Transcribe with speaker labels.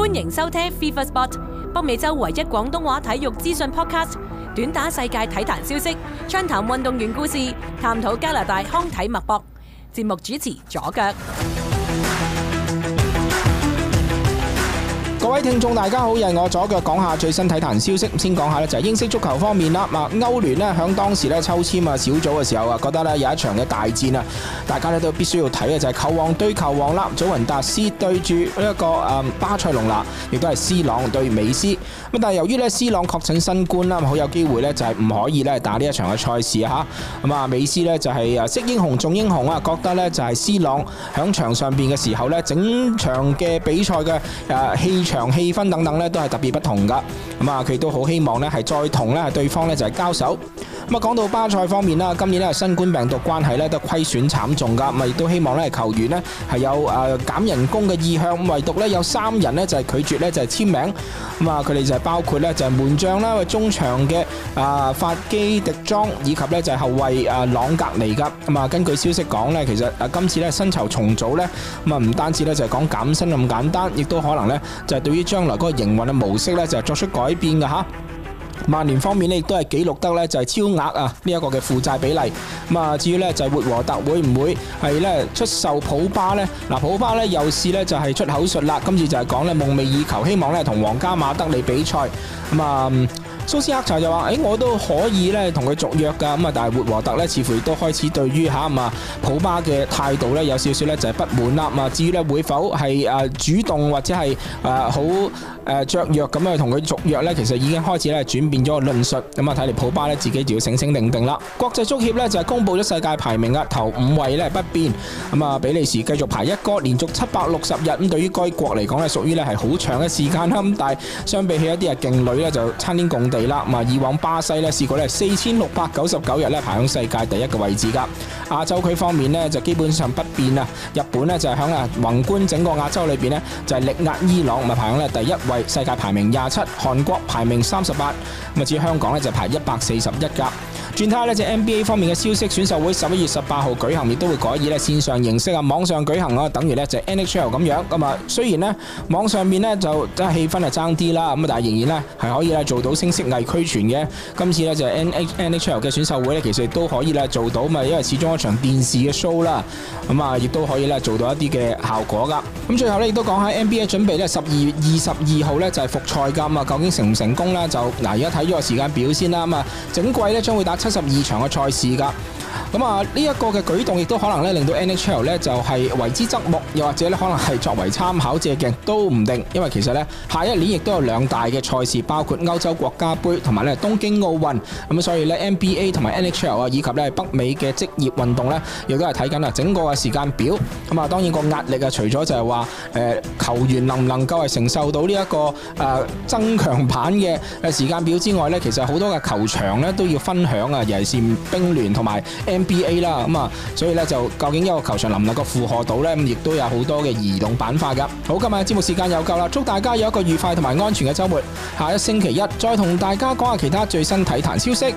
Speaker 1: 歡迎收聽 FIFA Spot，北美洲唯一廣東話體育資訊 podcast，短打世界體壇消息，暢談運動員故事，探討加拿大康體脈搏。節目主持左腳。聽眾大家好，又係我左腳講下最新體壇消息。先講下咧，就係英式足球方面啦。啊，歐聯咧響當時咧抽簽啊小組嘅時候啊，覺得咧有一場嘅大戰啊，大家咧都必須要睇嘅就係、是、球王對球王啦。祖雲達斯對住呢一個誒巴塞隆拿，亦都係 C 朗對美斯。咁但係由於咧 C 朗確診新冠啦，好有機會咧就係唔可以咧打呢一場嘅賽事吓咁啊，美斯咧就係誒識英雄重英雄啊，覺得咧就係 C 朗響場上邊嘅時候咧，整場嘅比賽嘅誒氣場。氣氛等等咧都係特別不同噶，咁啊佢都好希望咧係再同咧對方咧就係交手。咁啊，講到巴塞方面啦，今年咧新冠病毒關係咧都虧損慘重噶，咁亦都希望咧球員呢係有誒減人工嘅意向，唯獨咧有三人呢就係拒絕咧就係簽名。咁啊，佢哋就係包括咧就係門將啦，中場嘅啊法基迪莊以及咧就係後衛啊朗格尼噶。咁啊，根據消息講咧，其實啊今次咧薪酬重組咧咁啊唔單止咧就係講減薪咁簡單，亦都可能咧就係對於將來嗰個營運嘅模式咧就係作出改變噶吓。曼聯方面呢，亦都係記錄得呢，就係超額啊！呢一個嘅負債比例。咁啊，至於呢就係活和特會唔會係呢出售普巴呢？嗱，普巴呢有試呢就係出口術啦，今次就係講呢夢寐以求，希望呢同皇家馬德里比賽。咁啊。蘇斯克查就話：誒、欸，我都可以咧同佢續約噶，咁啊，但係活華特咧似乎亦都開始對於吓，啊，普巴嘅態度咧有少少咧就係不滿啦，至於咧會否係誒主動或者係誒好誒雀躍，咁啊同佢續約咧，其實已經開始咧轉變咗論述，咁啊，睇嚟，普巴咧自己就要醒醒定定啦。國際足協咧就係公布咗世界排名啊，頭五位咧不變，咁啊，比利時繼續排一哥，連續七百六十日，咁對於該國嚟講咧屬於咧係好長嘅時間啦，咁但係相比起一啲啊勁旅，咧就差天共同。地啦，啊，以往巴西咧試過咧四千六百九十九日咧排響世界第一個位置噶。亞洲區方面咧就基本上不變啊。日本咧就係響啊宏觀整個亞洲裏邊咧就係力壓伊朗，排響咧第一位，世界排名廿七，韓國排名三十八，咁啊至於香港咧就排一百四十一噶。轉睇下咧，就是、NBA 方面嘅消息，選秀會十一月十八號舉行，亦都會改以咧線上形式啊，網上舉行啊，等於呢就係 NHL 咁樣。咁啊，雖然呢網上面呢就真係氣氛係爭啲啦，咁但係仍然呢係可以做到聲色藝俱全嘅。今次呢就係、是、NHL 嘅選秀會呢，其實亦都可以啦，做到嘛，因為始終一場電視嘅 show 啦，咁啊，亦都可以咧做到一啲嘅效果噶。咁最後呢，亦都講下 NBA 準備呢十二月二十二號呢就係復賽噶啊，究竟成唔成功呢？就嗱，而家睇咗個時間表先啦。咁啊，整季呢將會打七。十二場嘅賽事噶，咁啊呢一、這個嘅舉動亦都可能咧令到 NHL 咧就係、是、為之側目，又或者咧可能係作為參考借鑒都唔定，因為其實咧下一年亦都有兩大嘅賽事，包括歐洲國家盃同埋咧東京奧運，咁所以咧 NBA 同埋 NHL 啊以及咧北美嘅職業運動咧亦都係睇緊啊整個嘅時間表，咁啊當然個壓力啊除咗就係話誒球員能唔能夠係承受到呢、這、一個誒、呃、增強版嘅誒時間表之外咧，其實好多嘅球場咧都要分享啊。尤其是冰聯同埋 NBA 啦，咁啊，所以咧就究竟一個球場能唔能夠負荷到呢？咁亦都有好多嘅移動板塊嘅。好，今日節目時間又夠啦，祝大家有一個愉快同埋安全嘅周末。下一星期一再同大家講下其他最新體壇消息。